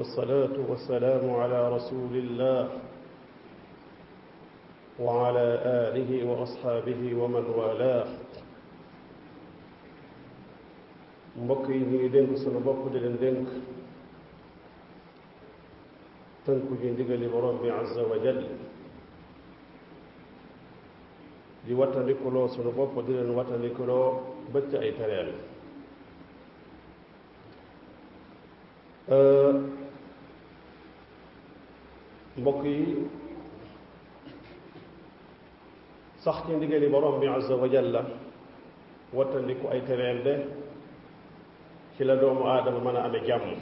والصلاة والسلام على رسول الله وعلى آله وأصحابه ومن والاه mbokk yi ñu ngi dénk sunu bopp di leen dénk tënku ji ndigali borom bi azza wa jal di wattandikuloo sunu bopp di leen wattandikuloo bëcc ay tereem mbokk yi sax ci ndigali borom bi azza wa jalla ay tereem de ci la doomu aadama mën a amee jàmm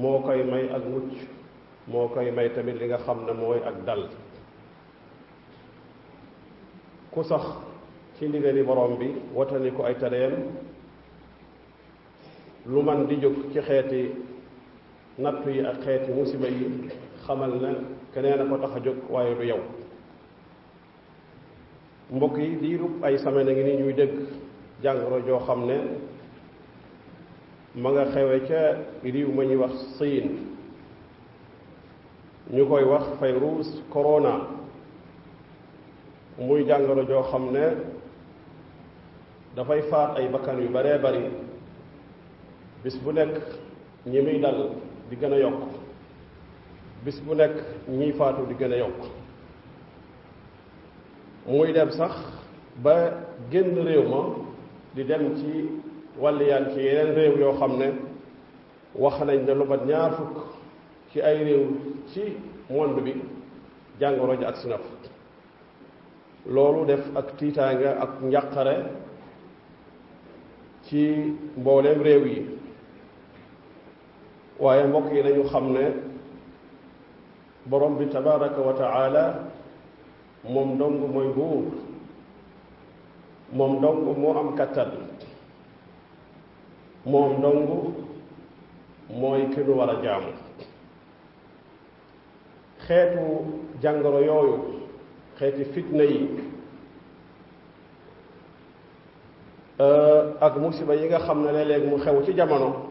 moo koy may ak mucc moo koy may tamit li nga xam ne mooy ak dal ku sax ci ndigali borom bi wattandiku ay tereem lu man di jóg ci xeeti nattu yi ak xeeti musiba yi xamal na keneen a ko tax a jóg waaye du yow mbokk yi diirub ay semaine a ngi nii ñuy dégg jàngoro joo xam ne ma nga xewe ca réew ma ñuy wax siin ñu koy wax virus corona muy jàngoro joo xam ne dafay faat ay bakkan yu baree bari bis bu nekk ñi muy dal di gën a yokk bis bu nekk ñiy faatu di gën a yokk muy dem sax ba génn réew ma di dem ci wàlliyaan ci yeneen réew yoo xam ne wax nañ ne lu ñaar fukk ci ay réew ci monde bi jàngoro ji ak sinaf loolu def ak tiitaanga ak njàqare ci mbooleem réew yi waaye mbokk yi nañu xam ne borom bi tabaraka wa moom dong mooy buur moom dong moo am kattan moom dong mooy ki nu war a jaamu xeetu jàngoro yooyu xeeti fitna yi euh, ak musiba yi nga xam ne léeg-léeg mu xew ci jamono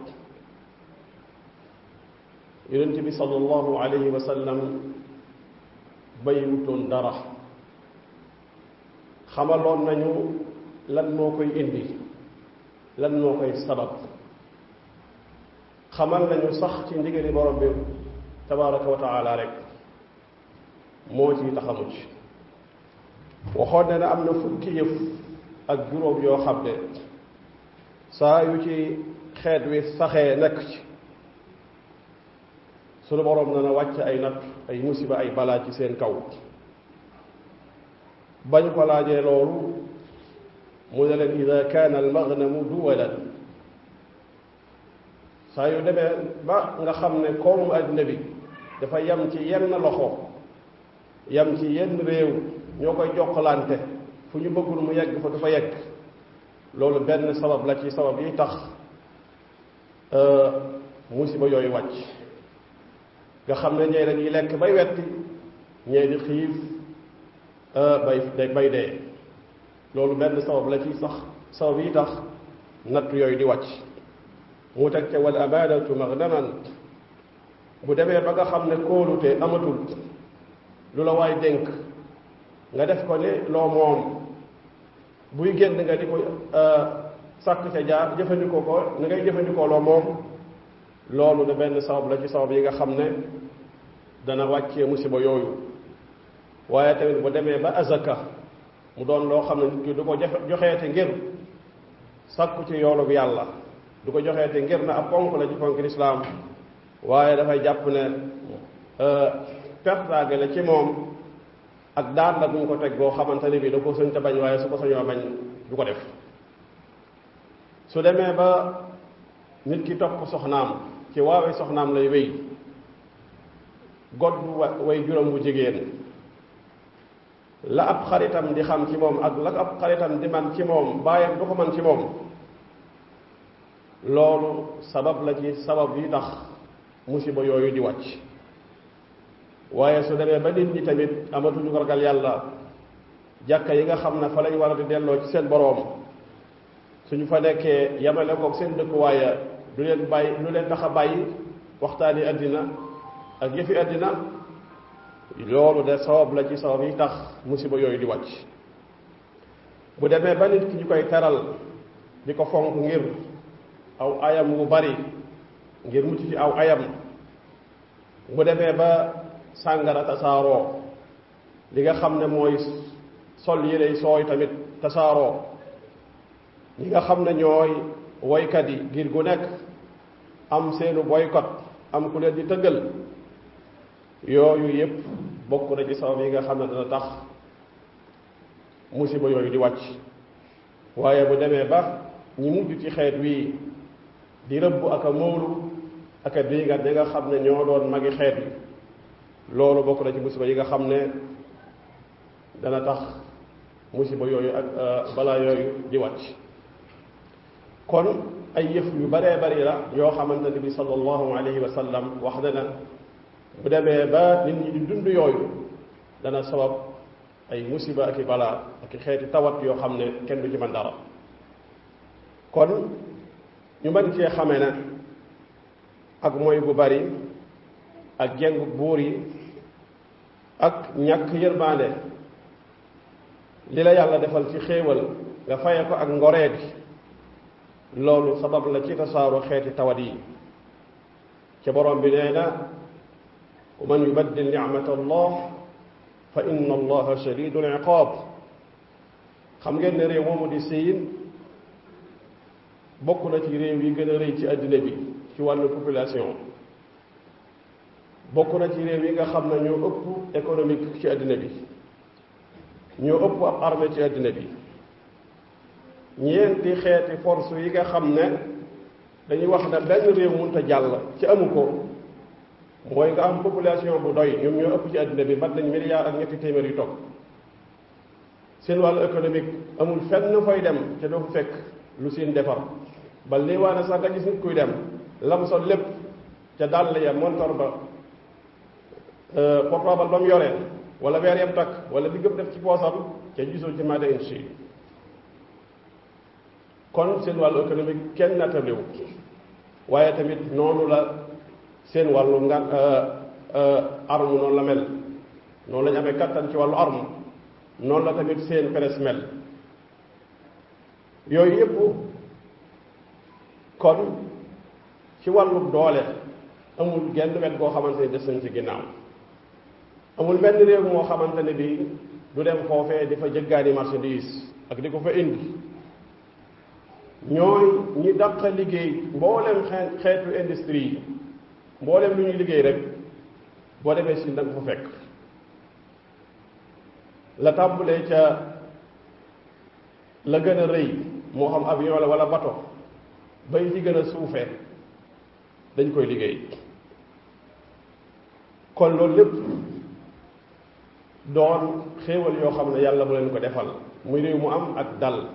yonent bi sallallahu alayhi wa sallam bàyyiwutoon dara xamaloon nañu lan moo koy indi lan moo koy xamal nañu sax ci ndigali rek moo ci taxamu ci waxoon na ne am na fukki ak juróom yoo xam ne saa yu ci xeet wi saxee nekk ci sunu boroom na wàcc ay natt ay musiba ay balaa ci seen kaw bañ ko laajee loolu mu ne leen ida kaana almagnamu duwalan saa yu demee ba nga xam ne koomu àddina bi dafa yam ci yenn loxo yem ci yenn réew ñoo koy jokkalante fu ñu bëggul mu yegg fa dafa yegg loolu benn sabab la ci sabab yi tax euh, musiba yooyu wàcc nga xam ne ñee dañuy lekk bay wetti ñee di xiif ah, bay bay loolu benn sabab la ci sax sabab yi tax natt yooyu di wàcc mu teg ca wal amanatu magdaman bu demee ba nga xam ne kóolute amatul lu la waay dénk nga def ko ne loo moom buy génn nga di ko ah, sàkk ca jaar jëfandikoo ko ni ngay jëfandikoo loo moom loolu de benn sabab la ci sabab yi nga xam ne dana wàccee musiba yooyu waaye tamit bu demee ba azaka mu doon loo xam ne nit ki du ko joxeete ngir sàkku ci yoolu bi yàlla du ko joxeete ngir na ab ponk la ci ponk waaye dafay jàpp ne euh, pertaage la ci moom ak daat la duñ ko teg boo xamante ne bii da ko sëñ te bañ waaye su ko sañoo bañ du ko def su demee ba nit ki topp soxnaam ci waawe soxnaam lay wéy goddu way juróom bu jigéen la ab xaritam di xam ci moom ak la ab xaritam di man ci moom bàyyam du ko man ci moom loolu sabab la ci sabab yi tax musiba yooyu di wàcc waaye su demee ba nit ñi tamit amatuñu ragal yàlla jàkka yi nga xam ne fa lañ war a di delloo ci seen boroom su ñu fa nekkee yamale koog seen dëkkuwaaya lu leen bàyyi lu leen tax a bàyyi waxtaani àddina ak yëfi àddina loolu de sabab la ci sabab yi tax musiba yooyu di wàcc bu demee ba nit ki ñu koy teral di ko fonk ngir aw ayam wu bari ngir mucc ci aw ayam bu demee ba sàngara tasaaroo li nga xam ne mooy sol yi lay sooy tamit tasaaroo ñi nga xam ne ñooy woykat yi ngir gu nekk am seenu boycott am ku leen di tëggal yooyu yépp bokk na ci sabab yi nga xam ne dana tax musiba yooyu di wàcc waaye bu demee ba ñi ci xeet wii di rëbb ak a móolu ak a diigat nga xam ne ñoo doon magi xeet yi loolu bokk na ci musiba yi nga xam ne dana tax musiba yooyu ak euh, balaa yooyu di wàcc kon ay yëf yu baree bari la yoo xamante ne bi sallallahu alayhi wa sallam na bu demee ba nit ñi dund yooyu dana sawab ay musiba ak i balaa ak i xeeti tawat yoo xam ne kenn du ci mën dara kon ñu mën cee xamee ne ak mooy bu bari ak jeng buur yi ak ñàkk yërmaande li la yàlla defal ci xéewal nga faye ko ak ngoree gi loolu sabab la ci tasaaroo xeeti tawat yi ci borom bi nee na wa man yubaddil nicmata allah fa inna allaha shadidul iqaab xam ngeen ne réew moomu di siin bokk na ci réew yi gën a rëy ci àddina bi ci wàllu population bokk na ci yi nga xam ne ñoo ëpp économique ci àddina bi ñoo ëpp ab armée ci àddina bi ñeenti xeeti force yi nga xam ne dañuy wax ne benn réew mënut a jàll ci amu ko mooy nga am population bu doy ñoom ñoo ëpp ci àddina bi mat nañ milliards ak ñetti téeméer yu topp seen wàllu économique amul fenn fooy dem te doo fa fekk lu seen defar ba lii waa ne sax nga gis nit kuy dem lam sol lépp ca dàll ya montor ba euh, portable ba mu yoree wala weer yam takk wala bi gëpp def ci poosam ca gisoo ci maada inchi kon seen wàllu économique kenn nattabliwu waaye tamit noonu la seen wàllu nga euh, euh, arme noonu la mel noonu la amee kattan ci wàllu arme noonu la tamit seen presse mel yooyu yëpp kon ci wàllu doole amul genn wet goo xamante ne des ci ginnaaw amul mel ni réew moo xamante ne bi du dem foofee dafa fa jëggaani marchandise ak di ko fa indi ñooy ñi dàq liggéey mboolem xeetu industrie yi mboolem lu ñuy liggéey rek boo defee si da nga fa fekk la tàmbulee ca la gën a rëy moo xam avion la wala bato bay ci gën a suufee dañ koy liggéey kon loolu lépp doon xéewal yoo xam ne yàlla mu leen ko defal mu réew mu am ak dal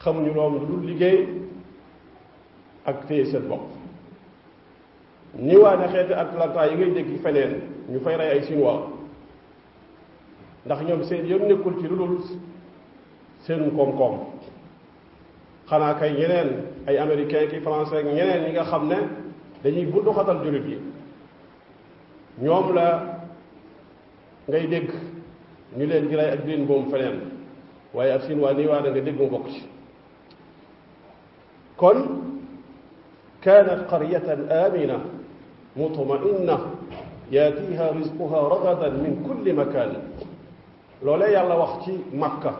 xamuñu loolu lu dul liggéey ak téye seen bopp ni xeeti atlanta yi ngay dégg feneen ñu fay rey ay chinois ndax ñoom seen yoon nekkul ci lu dul seen koom-koom xanaa kay ñeneen ay américain ki français ñeneen yi nga xam ne dañuy bundu xatal jullit yi ñoom la ngay dégg ñu leen di rey ak di leen boobu feneen waaye ab chinois nii waa ne nga dégg mu bokk ci kon kaanat qaryatan aamina mutma'inna yaatiha rizquha ragadan min kulli makaan loolee yàlla wax ci makka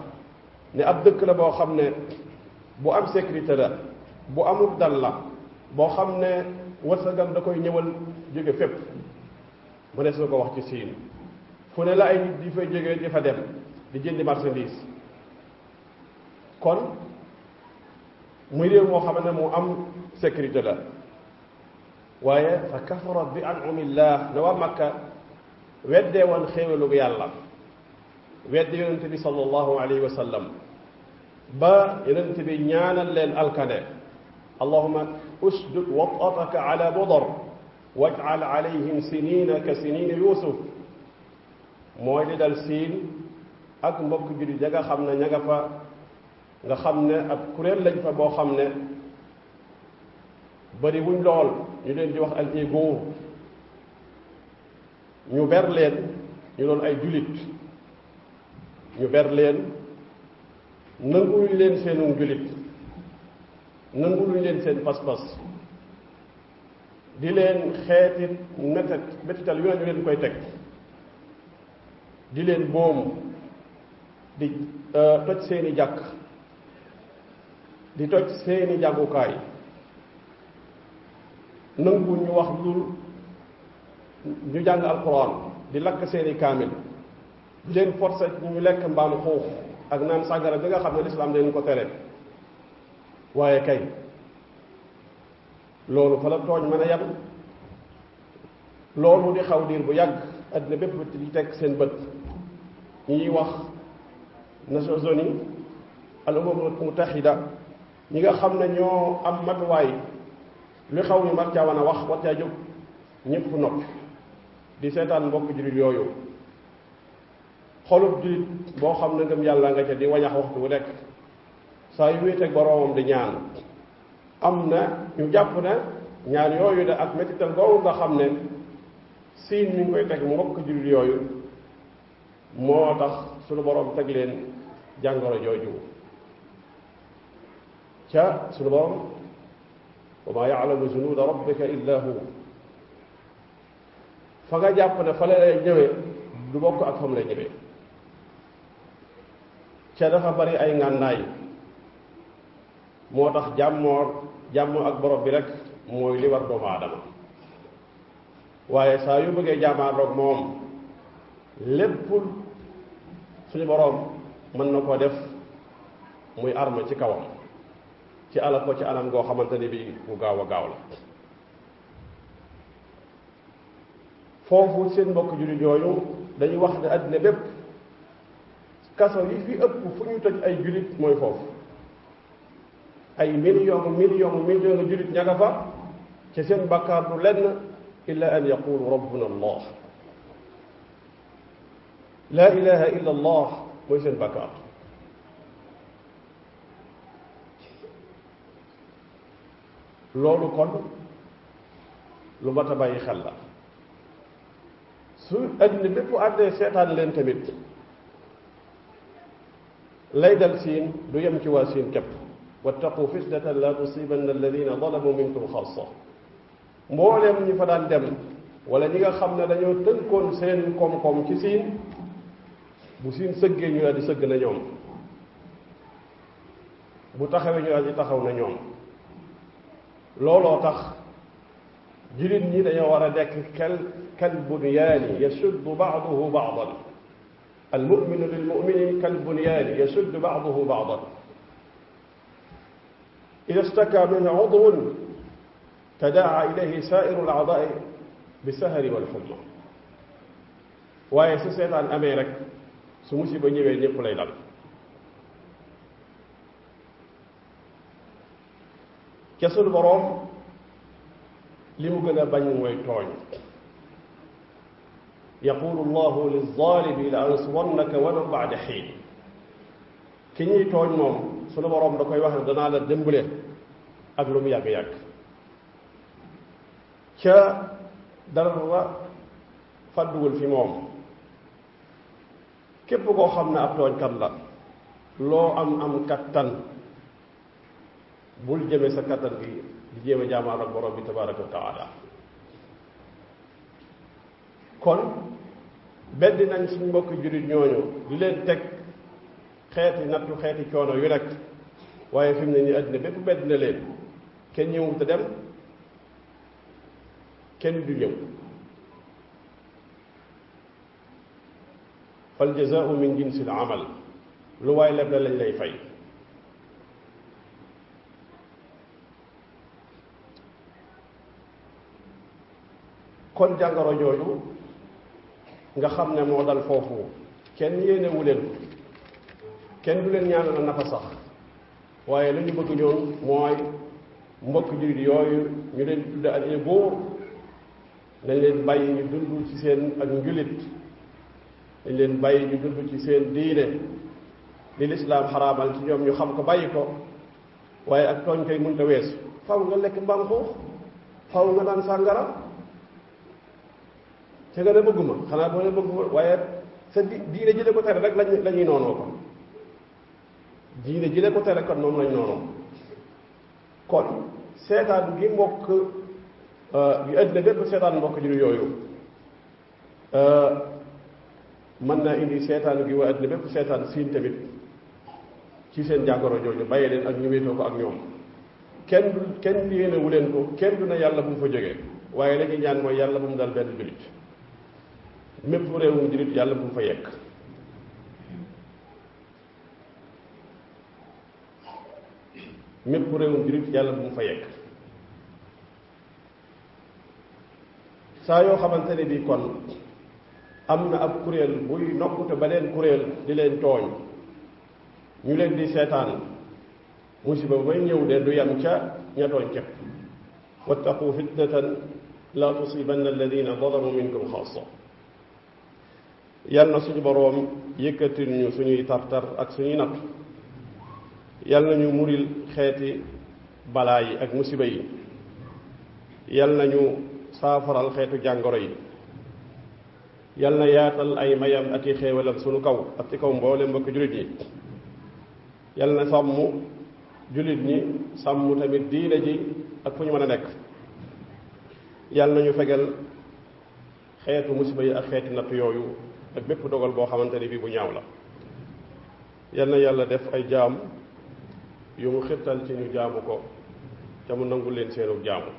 ne ab dëkk la boo xam ne bu am sécurité la bu amul dal la boo xam ne wërsëgam da koy ñëwal jóge fépp mu ne su ko wax ci siin fu ne la ay nit di fay jóge di fa dem di jëndi marchandise kon muy réew moo xam ne mu am sécurité la waaye fa kafarat bi anumillah na waa makka weddee woon xéewalug yàlla wedde yonente bi sallallahu alayhi wa sallam ba yonente bi ñaanal leen alkane allahuma usdud watataka ala bodor wajal alayhim sinina ka sinina yusuf mooy di dal siin ak mbokk jullit ya nga xam ne ña nga fa nga xam ne ak kuréel lañ fa boo xam ne bari wuñ lool ñu leen di wax al égo ñu ber leen ñu doon ay julit ñu ber leen nanguwuñ leen seenum julit nanguwuñ leen seen pas-pas di leen xeetit métet métital yu leen koy teg di leen boom di euh, toj seeni jàkk di toj seeni jàngukaay nangu ñu wax lu ñu jàng alquran di lakk seeni kaamil di leen forcé ñu lekk mbaam xuux ak naan sàggara bi nga xam ne lislaam leen ko tere waaye kay loolu fa la tooñ mën a yem loolu di xaw diir bu yàgg àddina bépp di tekk seen bët ñuy wax Nations Unies al Umamul Mutahida ñi nga xam ne ñoo am matuwaay li xaw ñu mag caa wan a wax war caa jóg ñépp noppi di seetaan mbokk jullit yooyu xolub jullit boo xam ne ngëm yàlla nga ca di wañax waxtu bu nekk saa yu teg boroomam di ñaan am na ñu jàpp ne ñaan yooyu de ak métital googu nga xam ne siin mi ngi koy teg mbokk jullit yooyu moo tax suñu boroom teg leen jàngoro jooju ca suñu borom wa maa yaalamu junuuda rabbika illa hu fa nga jàpp ne fa lay ñëwee du bokk ak fam lay ñëwee ca dafa bari ay ngànnaay moo tax jàmmoor jàmmoo ak borom bi rek mooy li war doomu aadama waaye saa yu bëggee jàmmaarloog moom lépp suñu borom mën na ko def muy arme ci kawam ci alal ko ci anam goo xamante ne bii mu gaaw a gaaw la foofu seen mbokk jullit yooyu dañu wax ne àddina bépp kaso ëpp fu ñu toj ay jullit mooy foofu ay million million million jullit ña nga fa ci seen illa an yaqulu rabbuna allah laa ilaha illa allah mooy seen bàkkaar loolu kon lu mat a bàyyi xel la su adduna bépp àddee seetaan leen tamit lay dal siin du yem ci waa siin képp wattaqu fitnatan la tusibanna alladina zalamu minkum xaasa mbooleem ñi fa daan dem wala ñi nga xam ne dañoo tënkoon seen koom-koom ci siin bu siin sëggee ñu daal di sëgg na ñoom bu taxawee ñu daal di taxaw na ñoom looloo tax jullit ñi dañoo war a nekk kal kal bunyaani yasuddu baaduhu baadan al muminu lil mumini kal bunyaani yasuddu baaduhu baadan ida staka min udwun tadaa ilayhi saairu al adaai bi sahari wal xudd waaye su seetaan amee rek su musiba ñëwee ñëpp lay dal ca sunu boroom li mu gën bañ mooy tooñ yaqulu llahu lilzalimi la ansurannaka walaw baada xiin ki ñuy tooñ moom sunu boroom da koy wax ne danaa la dimbale ak lu mu yàgg-yàgg ca dara fàdduwul fi moom képp koo xam ne ab tooñkat la loo am am kattan bul jëmee sa kattan gi di jéem a jaamaan ak borom bi tabaraka wa taala kon beddi nañ suñ mbokki jurit ñooñu di leen teg xeeti nattu xeeti coono yu nekk waaye fi mu ne nii àddina bedd na leen kenn ñëwul te dem kenn du ñëw fal jazaau min jinsil amal lu waay leb la lañ lay fay kon jàngoro jooju nga xam ne moo dal foofu kenn yéenewu leen kenn du leen ñaanal na nafa sax waaye lañu ñu bëgg ñoom mooy mbokk jullit yooyu ñu leen tudde ak yëboo dañ leen bàyyi ñu dund ci seen ak njulit dañ leen bàyyi ñu dund ci seen diine li lislaam xaraamal ci ñoom ñu xam ko bàyyi ko waaye ak tooñ koy mënta weesu faw nga lekk mbaam xuux faw nga naan sàngara te nga ne bëgguma xanaa boo ne bëgguma waaye sa di diine jële ko tere rek lañ la ñuy noonoo kon diine jële ko tere kon moom lañ noonoo kon seetaan gi mbokk euh, gi àddina bépp seetaan mbokk jullit yooyu euh, naa indi seetaan gi waa àddina bépp seetaan siin tamit ci seen jàngoro jooju bàyyi leen ak ñu wéetoo ko ak ñoom kenn kenn yéene wu leen ko kenn du na yàlla bu mu fa jógee waaye la ñuy ñaan mooy yàlla bu mu dal benn jullit mépp réewum jullit yàlla bu fa yekk mépp réewum jullit mu fa yekk saa yoo xamante ne bii kon am na ab kuréel buy nokkute ba leen kuréel di leen tooñ ñu leen di seetaan musiba bay ñëw de du yam ca ña tooñ képp wattaqu fitnatan la tusibanna alladina zalamu minkum xaasa yal na suñu boroom yëkkatil ñu suñuy tartar ak suñuy natt yal na ñu muril xeeti balaa yi ak musiba yi yal na ñu saafaral xeetu jàngoro yi yal na yaatal ay mayam ak i xéewalam suñu kaw ak ci kaw mboole mbokk jullit yi yal na sàmm jullit ñi sàmm tamit diine ji ak fu ñu mën a nekk yal na ñu fegal xeetu musiba yi ak xeeti natt yooyu ak bépp dogal boo xamante ne bii bu ñaaw la yal na yàlla def ay jaam yu mu xirtal ci ñu jaamu ko te mu nangu leen seenu jaamu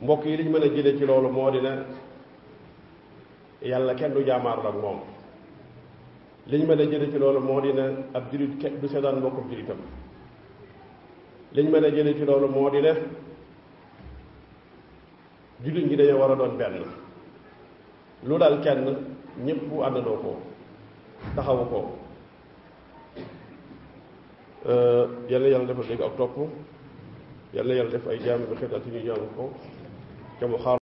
mbokk yi liñ mën a jële ci loolu moo di ne yàlla kenn du jaamaar la moom liñ mën a jële ci loolu moo di ne ab julit kenn du seetaan mbokkub julitam liñ mën a jële ci loolu moo di ne julit ñi dañoo war a doon benn lu dal kenn ñëpp àndandoo ko taxawu ko euh, yàlla yàlla defal dégg ak topp yàlla yàlla def ay jaam bi xeet at yu ñu jaamu ko te xaar